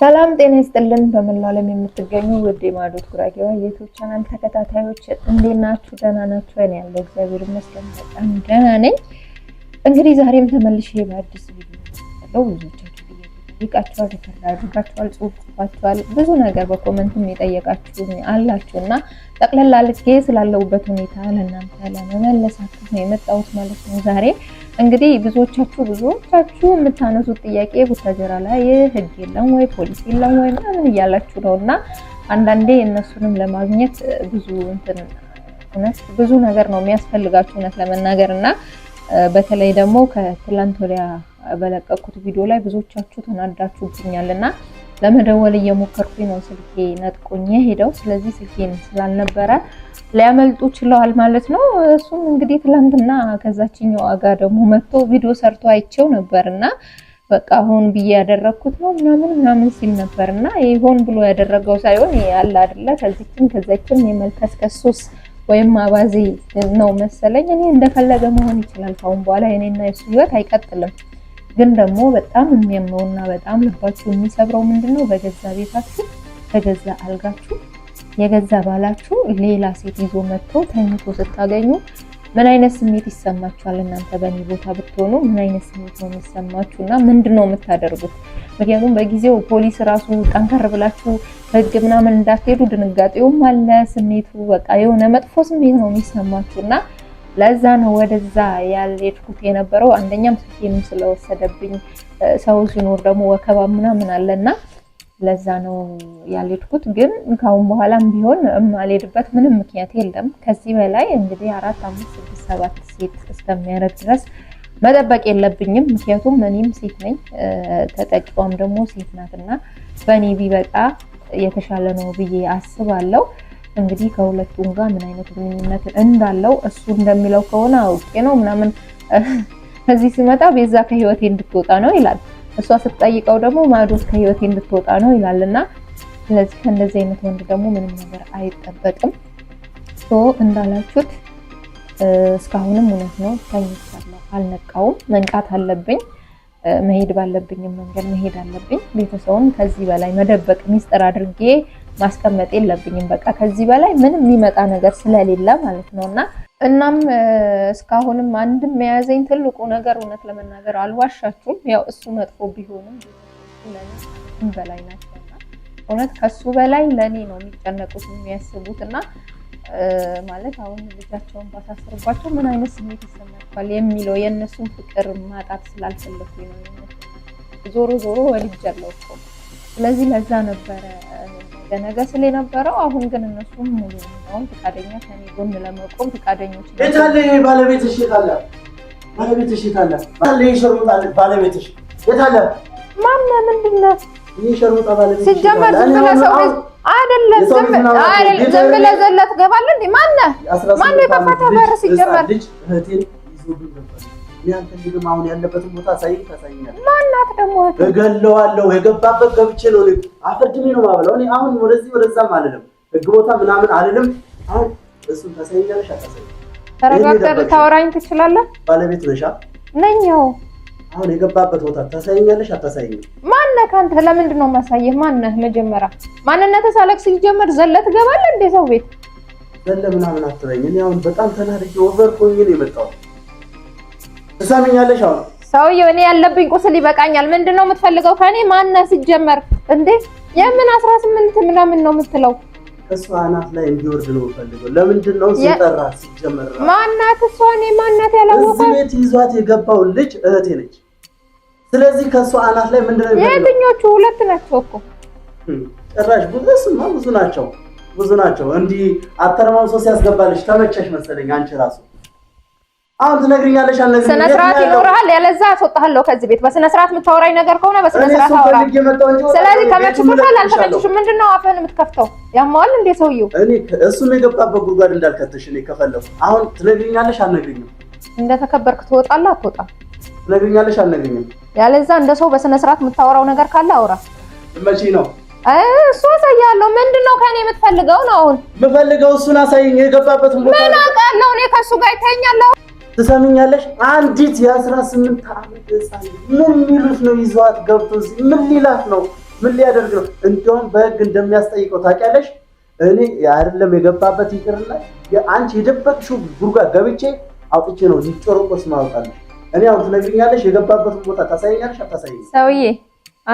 ሰላም ጤና ይስጥልን። በመላው ዓለም የምትገኙ ውድ የማዶት ጉራጌዋ የዩቲዩብ ቻናል ተከታታዮች እንዴት ናችሁ? ደህና ናችሁ? እኔ ያለው እግዚአብሔር ይመስገን በጣም ደህና ነኝ። እንግዲህ ዛሬም ተመልሼ በአዲስ ቪዲዮ ያለው ብዙዎቻችሁ ጥያቄ ጠይቃችኋል፣ ተፈራ አድርጋችኋል፣ ጽሁፍ ጽፋችኋል፣ ብዙ ነገር በኮመንትም የጠየቃችሁ አላችሁ እና ጠቅለላ አድርጌ ስላለውበት ሁኔታ ለእናንተ ለመመለሳችሁ ነው የመጣሁት ማለት ነው ዛሬ እንግዲህ ብዙዎቻችሁ ብዙዎቻችሁ የምታነሱት ጥያቄ ቡታጀራ ላይ ህግ የለም ወይ ፖሊስ የለም ወይ ምናምን እያላችሁ ነው እና አንዳንዴ እነሱንም ለማግኘት ብዙ እንትን እውነት ብዙ ነገር ነው የሚያስፈልጋችሁ እውነት ለመናገር እና በተለይ ደግሞ ከትላንት ወዲያ በለቀኩት ቪዲዮ ላይ ብዙዎቻችሁ ተናዳችሁብኛል እና ለመደወል እየሞከርኩኝ ነው። ስልኬ ነጥቆኝ ሄደው፣ ስለዚህ ስልኬን ስላልነበረ ሊያመልጡ ችለዋል ማለት ነው። እሱም እንግዲህ ትላንትና ከዛችኛው ዋጋ ደግሞ መጥቶ ቪዲዮ ሰርቶ አይቸው ነበር እና በቃ ሆን ብዬ ያደረግኩት ነው ምናምን ምናምን ሲል ነበር እና ሆን ብሎ ያደረገው ሳይሆን ያለ አይደለ ከዚችም ከዚችም የመልከስ ከሶስ ወይም አባዜ ነው መሰለኝ። እኔ እንደፈለገ መሆን ይችላል። ካሁን በኋላ የኔና የሱ ህይወት አይቀጥልም። ግን ደግሞ በጣም የሚያመው እና በጣም ልባችሁ የሚሰብረው ምንድን ነው? በገዛ ቤታችሁ በገዛ አልጋችሁ የገዛ ባላችሁ ሌላ ሴት ይዞ መጥቶ ተኝቶ ስታገኙ ምን አይነት ስሜት ይሰማችኋል? እናንተ በእኔ ቦታ ብትሆኑ ምን አይነት ስሜት ነው የሚሰማችሁ እና ምንድን ነው የምታደርጉት? ምክንያቱም በጊዜው ፖሊስ ራሱ ጠንከር ብላችሁ በህግ ምናምን እንዳትሄዱ ድንጋጤውም አለ ስሜቱ በቃ የሆነ መጥፎ ስሜት ነው የሚሰማችሁ እና ለዛ ነው ወደዛ ያልሄድኩት የነበረው። አንደኛም ስልኬንም ስለወሰደብኝ ሰው ሲኖር ደግሞ ወከባ ምናምን አለና ለዛ ነው ያልሄድኩት። ግን ካሁን በኋላም ቢሆን የማልሄድበት ምንም ምክንያት የለም። ከዚህ በላይ እንግዲህ አራት፣ አምስት፣ ስድስት፣ ሰባት ሴት እስከሚያደርግ ድረስ መጠበቅ የለብኝም። ምክንያቱም እኔም ሴት ነኝ፣ ተጠቂዋም ደግሞ ሴት ናትና በእኔ ቢበቃ የተሻለ ነው ብዬ አስባለሁ። እንግዲህ ከሁለቱም ጋር ምን አይነት ግንኙነት እንዳለው እሱ እንደሚለው ከሆነ አውቄ ነው ምናምን ከዚህ ሲመጣ ቤዛ ከህይወቴ እንድትወጣ ነው ይላል። እሷ ስትጠይቀው ደግሞ ማዶስ ከህይወቴ እንድትወጣ ነው ይላል። እና ስለዚህ ከእንደዚህ አይነት ወንድ ደግሞ ምንም ነገር አይጠበቅም። እንዳላችሁት እስካሁንም እውነት ነው ተኝቻለሁ፣ አልነቃውም። መንቃት አለብኝ። መሄድ ባለብኝም መንገድ መሄድ አለብኝ። ቤተሰቡን ከዚህ በላይ መደበቅ ሚስጥር አድርጌ ማስቀመጥ የለብኝም። በቃ ከዚህ በላይ ምንም የሚመጣ ነገር ስለሌለ ማለት ነው እና እናም እስካሁንም አንድም የያዘኝ ትልቁ ነገር እውነት ለመናገር አልዋሻችሁም፣ ያው እሱ መጥፎ ቢሆንም በላይ ናቸው። እውነት ከሱ በላይ ለእኔ ነው የሚጨነቁት የሚያስቡት እና ማለት አሁን ልጃቸውን ባሳስርባቸው ምን አይነት ስሜት ይሰማቸዋል የሚለው የእነሱን ፍቅር ማጣት ስላልፈለኩ ነው። ዞሮ ዞሮ ወልጃለሁ እኮ ስለዚህ ለዛ ነበረ ደነገ ስል የነበረው አሁን ግን እነሱም ሙሉ ሁም ፈቃደኛ ከኔ ጎን ለመቆም ፈቃደኞች። የታለ ባለቤትሽ? የታለ ባለቤትሽ? የታለ ባለቤትሽ? የታለ ማነው? ምንድን ነው ሲጀመር? ዝም ብለህ ሰው አይደለም፣ ዝም ዝም ብለህ ዘላ ትገባለህ እንዴ? ማነህ? ማነው የከፈተህ በር ሲጀመር? ይዞብኝ ነበር ያንተ እንግዲህ አሁን ያለበትን ቦታ ሳይ ታሳይኛለህ። ማናት ደግሞ እገለዋለሁ። የገባበት ገብቼ ነው አፈርድሜ ነው የማበላው። እኔ አሁን ወደዚህ ወደዛም አልልም፣ ህግ ቦታ ምናምን አልልም። አሁን እሱን ታሳይኛለሽ። አታሳይም። ተረጋግተህ ልታወራኝ ትችላለህ። ባለቤት ነሻ ነኝ። አሁን የገባበት ቦታ ታሳይኛለሽ። አታሳይኝ። ማነህ ከአንተ ለምንድን ነው የማሳየህ? ማነህ መጀመሪያ ማንነትህ ሳለቅ ሲጀመር ዘለህ ትገባለህ እንደ ሰው ቤት ዘለ ምናምን አትበይኝ። እኔ አሁን በጣም ተናድጄ ወቨር ኮኝ ነው የመጣሁት ትሰሚኛለሽ? አሁን ሰውዬው እኔ ያለብኝ ቁስል ይበቃኛል። ምንድን ነው የምትፈልገው ከኔ? ማነህ ሲጀመር እንዴ? የምን አስራ ስምንት ምናምን ነው የምትለው? እሷ አናት ላይ እንዲወርድ ነው የምፈልገው። ለምንድን ነው ሲጀመር ማናት እሷ? እኔ ማናት እዚህ ቤት ይዟት የገባው ልጅ እህቴ ነች። ስለዚህ ከእሷ አናት ላይ ምንድን ነው የትኞቹ? ሁለት ናቸው እኮ ጭራሽ። ብዙስማ ብዙ ናቸው፣ ብዙ ናቸው። እንዲህ አተረማምሶ ሲያስገባልሽ ተመቸሽ መሰለኝ አንቺ ራሱ አሁን ትነግሪኛለሽ። አልነግርም ስነ ስርዓት ይኖርሃል። ያለዛ አስወጣሃለሁ ከዚህ ቤት። በስነ ስርዓት የምታወራኝ ነገር ከሆነ በስነ ስርዓት አውራ። ስለዚህ ተመችቶሻል አልተመችሽም፣ ምንድን ነው አፍህን የምትከፍተው? ያማዋል እንዴ ሰውዬው። እኔ እሱን የገባበት ጉድጓድ እንዳልከተሽ እኔ ከፈለኩ አሁን ትነግሪኛለሽ። አልነግርኝም። እንደተከበርክ ትወጣለህ አትወጣም? ትነግሪኛለሽ። አልነግርኝም። ያለዛ እንደ ሰው በስነ ስርዓት የምታወራው ነገር ካለ አውራ። መቼ ነው እሱ አሳያለሁ። ምንድን ነው ከኔ የምትፈልገው ነው? አሁን የምፈልገው እሱን አሳይኝ። የገባበትን ቦታ ምን አውቃለሁ እኔ ከእሱ ጋር ይተኛለሁ ትሰምኛለሽ? አንዲት የአስራ ስምንት ዓመት ህፃን ምን ሚሉት ነው? ይዟት ገብቶ ምን ሊላት ነው? ምን ሊያደርግ ነው? እንዲሁም በህግ እንደሚያስጠይቀው ታውቂያለሽ። እኔ አይደለም የገባበት ይቅርና አንቺ የደበቅሽው ጉድጓድ ገብቼ አውጥቼ ነው ሊጮርቆስ ማውጣለሽ። እኔ አሁን ትነግሪኛለሽ፣ የገባበትን ቦታ ታሳይኛለሽ። አታሳይ ሰውዬ፣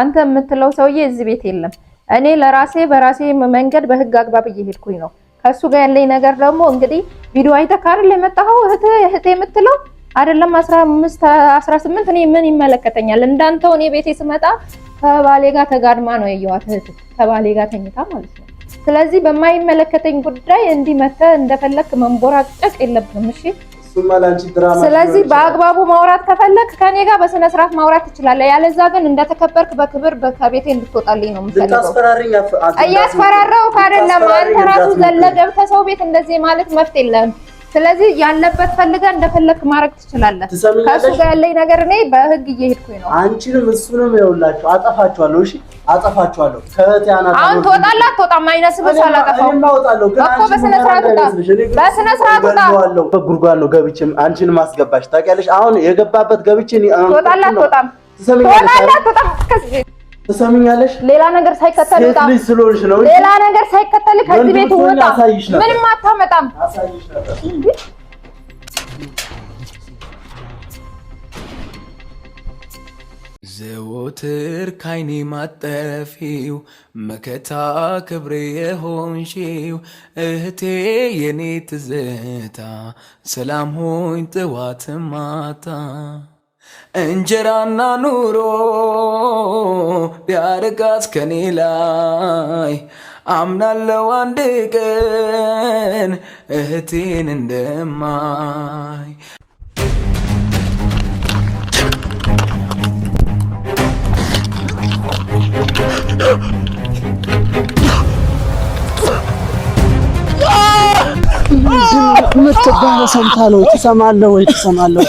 አንተ የምትለው ሰውዬ እዚህ ቤት የለም። እኔ ለራሴ በራሴ መንገድ በህግ አግባብ እየሄድኩኝ ነው ከሱ ጋር ያለኝ ነገር ደግሞ እንግዲህ ቪዲዮ አይተህ ካርል የመጣኸው እህት እህት የምትለው አይደለም 15 18 እኔ ምን ይመለከተኛል? እንዳንተው እኔ ቤቴ ስመጣ ከባሌ ጋር ተጋድማ ነው የየዋት እህት ከባሌ ጋር ተኝታ ማለት ነው። ስለዚህ በማይመለከተኝ ጉዳይ እንዲህ መተህ እንደፈለክ መንቦራጨቅ የለብንም። እሺ ስለዚህ በአግባቡ ማውራት ከፈለክ ከኔ ጋር በስነ ስርዓት ማውራት ትችላለህ። ያለዛ ግን እንደተከበርክ በክብር ከቤቴ እንድትወጣልኝ ነው የምፈልገው። እያስፈራራሁህ አይደለም። አንተ ራሱ ዘለህ ገብተህ ሰው ቤት እንደዚህ ማለት መፍት የለም። ስለዚህ ያለበት ፈልገህ እንደፈለክ ማድረግ ትችላለህ። ከሱ ጋር ያለኝ ነገር እኔ በህግ እየሄድኩኝ ነው። አንቺንም እሱንም ይኸውላችሁ አጠፋችኋለሁ። እሺ አጠፋችኋለሁ። ከህቲያና አሁን ትወጣለህ አትወጣም? አይነስብህ አላጠፋው እኮ በስነ ስርዓት ወጣ፣ በስነ ስርዓት ወጣ። ጉድጓድ ነው ገብቼም አንቺንም አስገባሽ ታውቂያለሽ። አሁን የገባበት ገብቼ ትወጣለህ አትወጣም? ትሰሚኛለሽ? ትወጣለህ አትወጣም? ትሰምኛለሽ? ሌላ ነገር ሳይከተል ውጣ። ሌላ ነገር ሳይከተል ከዚህ ቤት ወጣ። ምንም አታመጣም። ዘወትር ካይኔ ማጠፊው መከታ ክብሬ የሆንሽው እህቴ የኔ ትዝታ ሰላም ሆኝ ጥዋት ማታ እንጀራና ኑሮ ቢያርቃት ከኔ ላይ አምናለው አንድ ቀን እህቴን እንደማይ ምትባለ ሰምታለሁ። ትሰማለህ ወይ? ትሰማለህ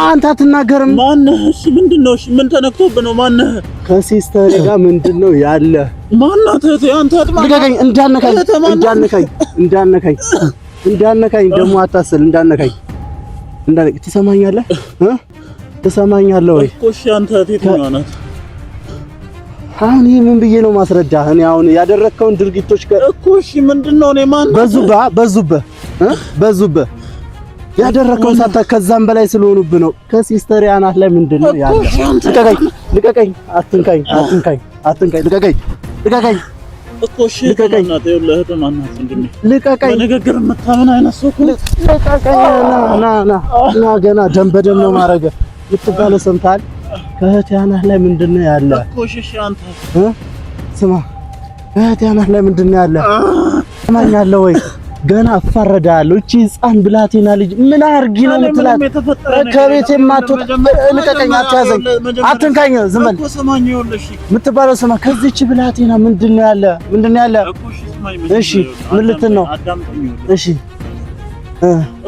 አንተ አትናገርም። ማነህ? እሺ ምንድነው? እሺ ምን ተነክቶብህ ነው? ማነህ? ከሲስተር ጋር ምንድነው ያለ? ማናት? አንተ አጥማኝ ልቀቀኝ! እንዳነካኝ እንዳነካኝ እንዳነካኝ እንዳነካኝ ደግሞ አታስል። እንዳነካኝ እንዳነካኝ ትሰማኛለህ እህ ትሰማኛለህ ወይ? እሺ አንተ የትኛዋ ናት? አሁን ይሄ ምን ብዬ ነው ማስረዳ? እኔ አሁን ያደረከውን ድርጊቶች ከ እኮ እሺ ምንድነው? እኔ ማን በዙብህ በዙብህ እ በዙብህ ያደረከው ሳታ ከዛም በላይ ስለሆኑብ ነው። ከሲስተር ያናት ላይ ምንድነው ያለው? ልቀቀኝ፣ ልቀቀኝ፣ አትንካኝ፣ አትንካኝ፣ አትንካኝ፣ ልቀቀኝ፣ ልቀቀኝ እኮ እሺ፣ ልቀቀኝ፣ በንግግር የምታምን አይነት ሰው እኮ ልቀቀኝ። ና ና ና፣ ገና ደም በደም ነው ማረገ ይጥቃለ ሰምታል። ከእህቴ አናት ላይ ምንድነው ያለ? እኮ እሺ፣ አንተ ስማ፣ ከእህቴ አናት ላይ ምንድነው ያለ? ሰማኛለህ ወይ? ገና አፋረዳለሁ። እቺ ህፃን ብላቴና ልጅ ምን አርጊ ነው የምትላት? ከቤት የማትወጣ ልቀቀኝ፣ አትያዘኝ፣ አትንካኝ። ዝም በል የምትባለው ስማ። ከዚች ብላቴና ምንድን ነው ያለ? ምንድን ነው ያለ? እሺ ምን ልትን ነው? እሺ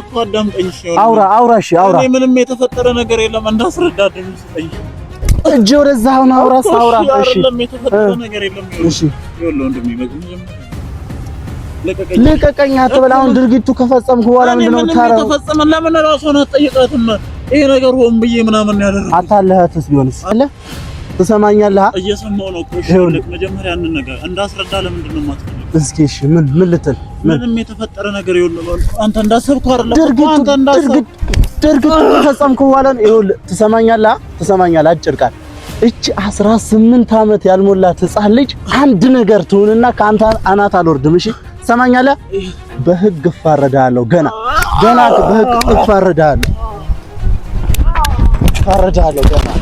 እኮ አዳምጠኝ። አውራ አውራ። እሺ አውራ። እኔ ምንም የተፈጠረ ነገር የለም። እንዳስረዳ ድምፅ ጠይቅ እጄ ወደዛ አሁን አውራ፣ ሳውራ። እሺ ምንም የተፈጠረ ነገር የለም። እሺ ይኸውልህ ወንድሜ ልቀቀኝ አትበል። አሁን ድርጊቱ ከፈጸምኩ በኋላ ምንድን ነው ታረው ተፈጸመ። ለምን ራሱ ነው ጠይቃትም ይሄ ነገር ሆን ብዬ ምናምን ያደረገው አታለህትስ ቢሆንስ አለ ትሰማኛለህ? እየሰማሁ ነው። ቆሽ ልክ መጀመሪያ ያንን ነገር እንዳስረዳ ለምንድን ነው የማትፈልገው? እስኪ እሺ፣ ምን ምን ልትል? ምንም የተፈጠረ ነገር ይኸውልህ፣ አንተ እንዳሰብኩ አይደለም። ድርጊቱ አንተ እንዳሰብኩ ድርጊቱ ከፈጸምኩ በኋላ ይኸውልህ፣ ትሰማኛለህ? ትሰማኛለህ? አጭር ቃል እቺ 18 ስምንት ዓመት ያልሞላት ሕፃን ልጅ አንድ ነገር ትሁንና ከአንተ አናት አልወርድም። እሺ ትሰማኛለህ? በህግ እፋረዳለሁ። ገና ገና በህግ እፋረዳለሁ፣ እፋረዳለሁ ገና